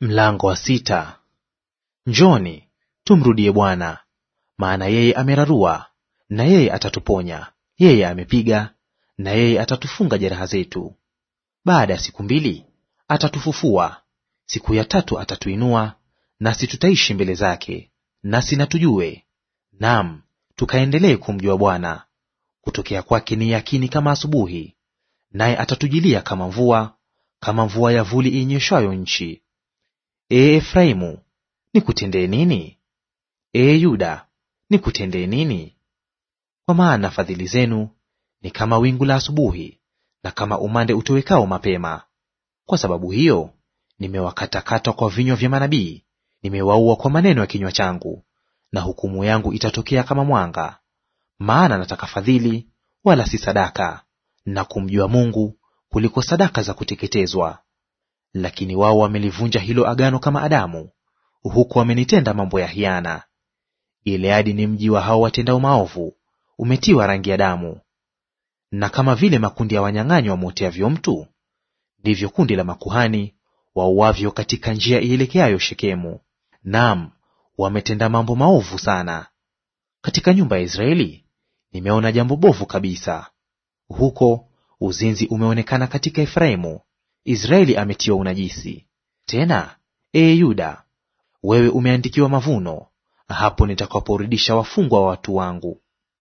Mlango wa sita. Njoni tumrudie Bwana, maana yeye amerarua na yeye atatuponya; yeye amepiga na yeye atatufunga jeraha zetu. Baada ya siku mbili atatufufua, siku ya tatu atatuinua, nasi tutaishi mbele zake, nasi natujue, naam, tukaendelee kumjua Bwana. Kutokea kwake ni yakini kama asubuhi, naye atatujilia kama mvua, kama mvua ya vuli inyeshwayo nchi e Efraimu, nikutendee nini? e Yuda, nikutendee nini? Kwa maana fadhili zenu ni kama wingu la asubuhi, na kama umande utowekao mapema. Kwa sababu hiyo nimewakatakata kwa vinywa vya manabii, nimewaua kwa maneno ya kinywa changu, na hukumu yangu itatokea kama mwanga. Maana nataka fadhili, wala si sadaka, na kumjua Mungu kuliko sadaka za kuteketezwa. Lakini wao wamelivunja hilo agano kama Adamu, huku wamenitenda mambo ya hiana. Gileadi ni mji wa hao watendao maovu, umetiwa rangi ya damu. Na kama vile makundi ya wanyang'anyi wamwoteavyo mtu, ndivyo kundi la makuhani wauavyo katika njia ielekeayo Shekemu. Naam, wametenda mambo maovu sana. Katika nyumba ya Israeli nimeona jambo bovu kabisa. Huko uzinzi umeonekana katika Efraimu, Israeli ametiwa unajisi. Tena ee Yuda, wewe umeandikiwa mavuno, hapo nitakaporudisha wafungwa wa watu wangu.